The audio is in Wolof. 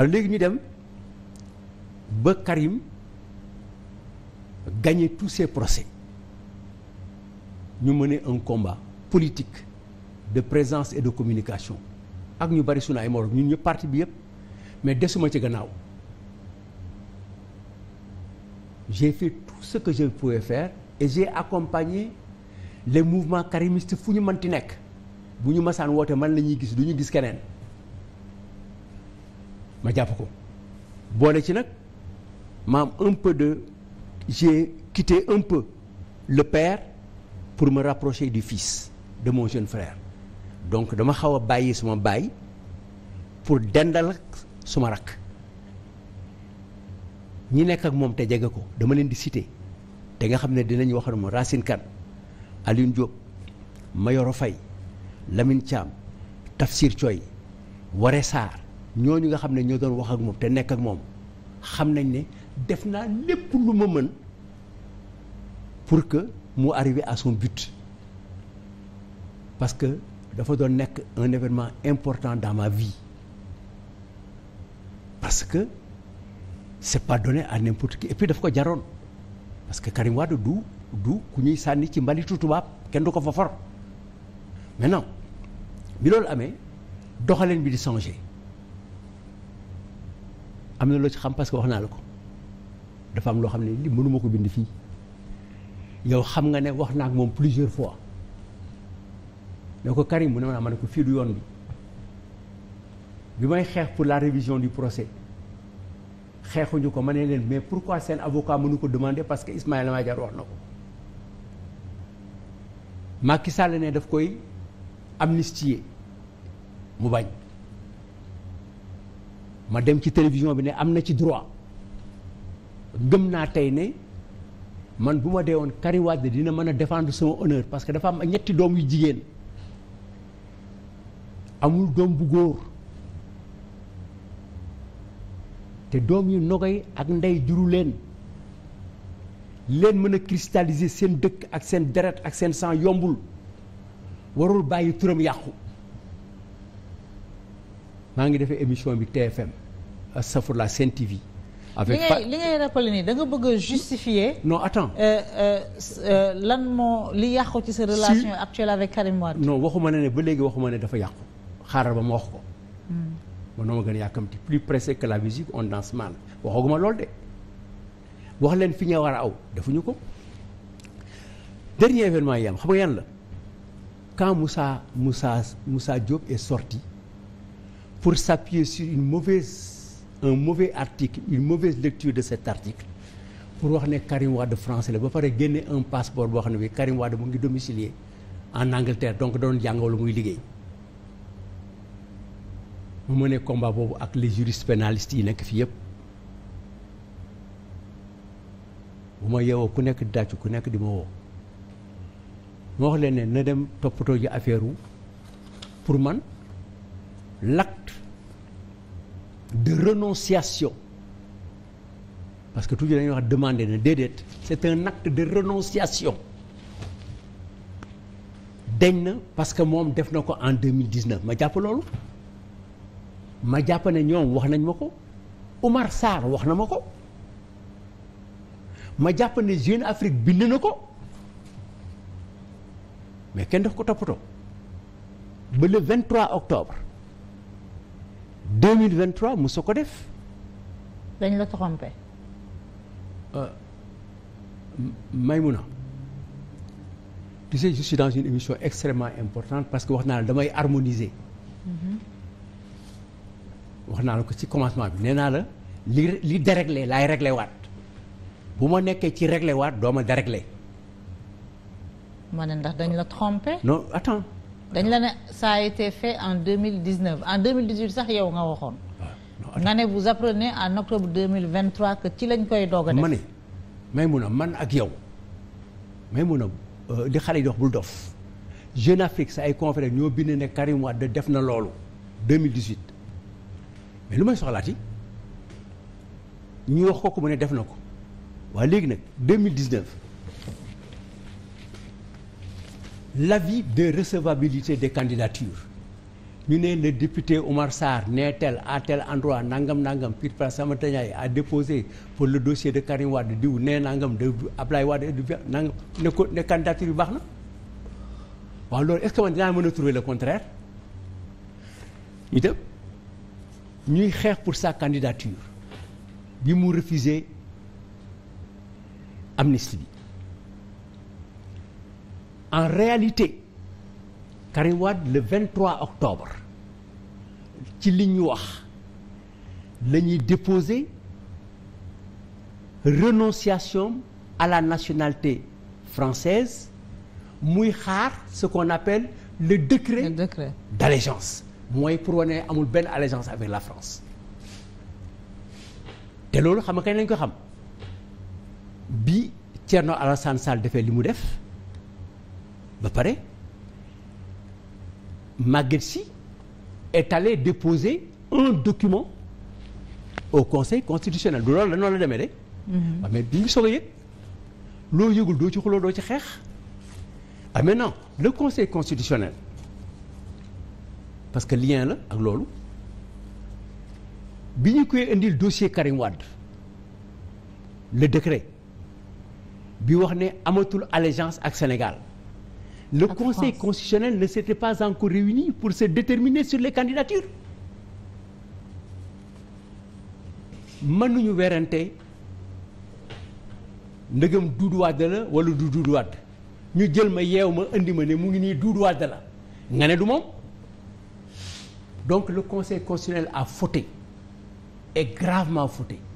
alors léegi ñu dem ba Karim gagné tous ses procès ñu mener un combat politique de présence et de communication ak ñu bari sunu ay morom ñu ñëpp parti bi yëpp mais desuma ci gannaaw j'ai fait tout ce que je pouvais faire et j'ai accompagné les mouvements karimistes fu ñu mënti nekk bu ñu masaan woote man la ñuy gis du ñu gis keneen ma jàpp ko boole ci nag ma am un peu de j'ai quitté un peu le père pour ma rapprocher di fils de mon jeune frère donc dama xaw a bàyyi sama baay pour dendal ak suma rakk ñi nekk ak moom te jege ko dama leen di citer te nga xam ne dinañ wax ne Racine Kane Alioune Diop Mayoro Faye Lamine Thiam Tafsir Thioy Waré Sarr ñoo ñu nga xam ne ñoo doon wax ak moom te nekk ak moom xam nañ ne def naa lépp lu ma mën pour que mu arriver à son but parce que dafa doon nekk un événement important dans ma vie parce que c'est pas donné à n'importe qui et puis daf ko jaroon parce que Karim Wade du du ku ñuy sànni ci mbalitu tubaab kenn du ko fa for maintenant bi loolu amee doxalin bi di changer am na loo ci xam parce que wax naa la ko dafa am loo xam ne li mënuma ko bind fii yow xam nga ne wax naa ak moom plusieurs fois ne ko Karim mu ne ma ne ko fii du yoon bi bi may xeex pour la révision du procès xeexuñu ko ma ne leen mais pourquoi seen avocat mënu ko demander parce que Ismaïla Madior wax na ko Macky Sall ne daf koy amnistier mu bañ. ma dem ci télévision bi ne am na ci droit gëm naa tey ne man bu ma dee woon Karim Wade dina mën a défendre sama honneur parce que dafa am ñetti doom yu jigéen amul doom bu góor te doom yu nogay ak ndey juru leen leen mën a cristalliser seen dëkk ak seen deret ak seen sang yombul warul bàyyi turam yàqu maa ngi defee émission bi TFM astafurlah euh, Sen TV. avec li ngay li ngay rappelé nii da bëgg a justifier. non euh, euh, lan moo li yàqu ci se relation actuelle avec Karim Wade. non waxuma ne ba léegi waxuma ne dafa yàqu xaaral ba ma wax ko. man hmm. noo ma gën a yàkkamti plus pressé que la musique on danse mal waxaguma lool de wax leen fi ñu war a aw defuñu ko. dernier événement yi am xam nga yan la quand Moussa Moussa Moussa sorti pour s'appuyer sur une mauvaise un mauvais article une mauvaise lecture de cet article pour wax ne Karim de français la ba pare génne un passeport boo xam ne bi Karim Wade mu ngi domicilié en Angleterre donc doon jàng walla muy liggéey mu mënee combat boobu ak les juristes pénalistes yi nekk fii yëpp bu ma yeewoo ku nekk di ku nekk di ma woo ma wax leen ne na dem toppatoo ji affaire wu pour man lakk de renonciation parce que toujours dañuy wax demander na déedéet c'est un acte de renonciation dañ na parce que moom def na ko en 2019 ma jàpp loolu ma jàpp ne ñoom wax nañ ma ko Oumar Sarr wax na ma ko ma jàppane ne Jeune Afrique bind na ko mais kenn def ko toppatoo ba le 23 octobre deux mille vingt trois mosoo ko def. dañ la trompé. Euh, Maïmouna tu sais je suis dans une émission extrêmement importante parce que wax naa la damay harmoniser. Mm-hmm. wax naa la ko si commencement bi nee naa la li li déréglé laay réglé waat bu ma nekkee ci réglé waat doo ma ma ne ndax dañ la trompé. non attends dañ la ne sa a été fait en deux mille dix neuf en deux mille dix huit sax yow nga waxoon. nga ne vous apprenez en octobre deux mille vingt trois que ci lañ koy doog a def. ma ne Maïmouna man ak yow Maïmouna di euh, xale yi dox bul dof Jeune Afrique sax ay confrères ñoo bind ne Karim Wade def na loolu deux mille dix huit mais lu may soxlaati ñu wax ko ko mu ne def na ko waaye léegi nag deux mille dix neuf l'avis de recevabilité des candidatures ñu ne le député Omar Sarr nee tel à tel endroit nangam nangam Pire Place Samathaniaye à déposé pour le dossier de Karim du diw nee nangam de Ablaye Wade du nangam ne ko ne candidature yu baax na waaw loolu est-ce que man dinaa mën a trouver le contraire itam ñuy xeex pour sa candidature bi mu refusé amnistie bi. en réalité Karim Wade le 23 octobre ci li ñu wax lañuy déposé déposer renonciation à la nationalité française muy xaar ce qu'on appelle le décret, le décret. mooy pour wane amul benn allégeance avec la France te loolu xam nga kañ lañ ko xam bi Thierno Alassane Sall defee li mu def ba pare Maguette si est allé déposer un document au conseil constitutionnel du loolu la la demee de. waaw mhm. mais bi ñu soog a yëg loo yëgul doo ci xuloo doo ci xeex. ah maintenant le conseil constitutionnel parce que lien la ak loolu bi ñu koy indil dossier Karim Wade le décret bi wax ne amatul allégeance ak Sénégal. le Pas conseil constitutionnel ne s'était pas encore réuni pour se déterminer sur les candidatures mënuñu werante ndëgëm Doudou la wala du Doudou ñu jël ma yeew ma indi ma ne mu ngi nii Doudou Wade la nga ne du moom donc le conseil constitutionnel a fauté et gravement fauté